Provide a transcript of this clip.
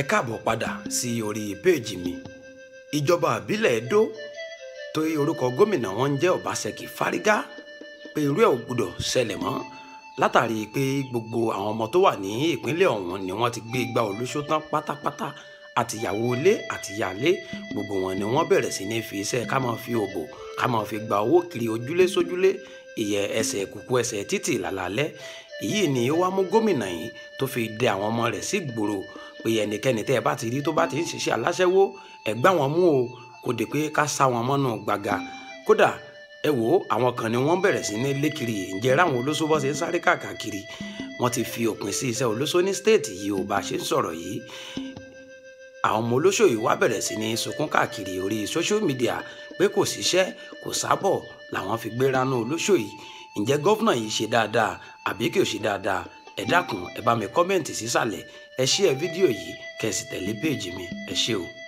ẹ káàbọ̀ padà sí orí péèjì mi ìjọba àbílẹ̀ Ẹdó tó orúkọ gómìnà wọn ń jẹ́ Ọbaṣẹ́kì Fárígá pé irú ẹ̀ ò gbúdọ̀ ṣẹlẹ̀ mọ́ látàrí pé gbogbo àwọn ọmọ tó wà ní ìpínlẹ̀ ọ̀hún ni wọ́n ti gbé igbá olóṣó tán pátápátá àtìyàwó ilé àtìyàlé gbogbo wọn ni wọ́n bẹ̀rẹ̀ sí ní fi iṣẹ́ ká máa fi òbò ká máa fi gba owó kiri ojúlé sójúlé ìyẹ ẹsẹ̀ kùkú ẹsẹ̀ títì làlálẹ́ èyí ni ó wá mú gómìnà yìí tó fi dẹ àwọn ọmọ rẹ̀ sí gbòòrò pé ẹnikẹ́ni tẹ́ ẹ bá ti rí tó bá ti ń ṣiṣẹ́ aláṣẹ́wó ẹ gbá wọn mú o kò dé pé ká sá wọn mọ́nú gbàgà kódà ẹ wò ó àwọn kan ni wọ́n bẹ̀rẹ̀ sí ní lékiri ǹjẹ́ ráwọn olóṣó ṣe ń sáré káàkiri wọ́n ti fi òpin sí iṣẹ́ olóṣó ní stéètì yìí ò bá ṣe ń sọ̀rọ̀ yìí àwọn ọmọ olóṣò yìí wá bẹ̀rẹ̀ sí ní sunkún káàkiri orí social media pé kò síṣẹ́ kò sábọ̀ làwọn fi gbé ránú olóṣò yìí ǹjẹ́ gọ́fúnà yìí ṣe dáadáa àbí kì í ṣe dáadáa ẹ dákun ẹ bá mi kọ́mẹ̀ǹtì sísàlẹ̀ ẹ ṣí ẹ fídíò yìí kẹ́ ẹ sì tẹ̀lé péèjì mi ẹ ṣé o.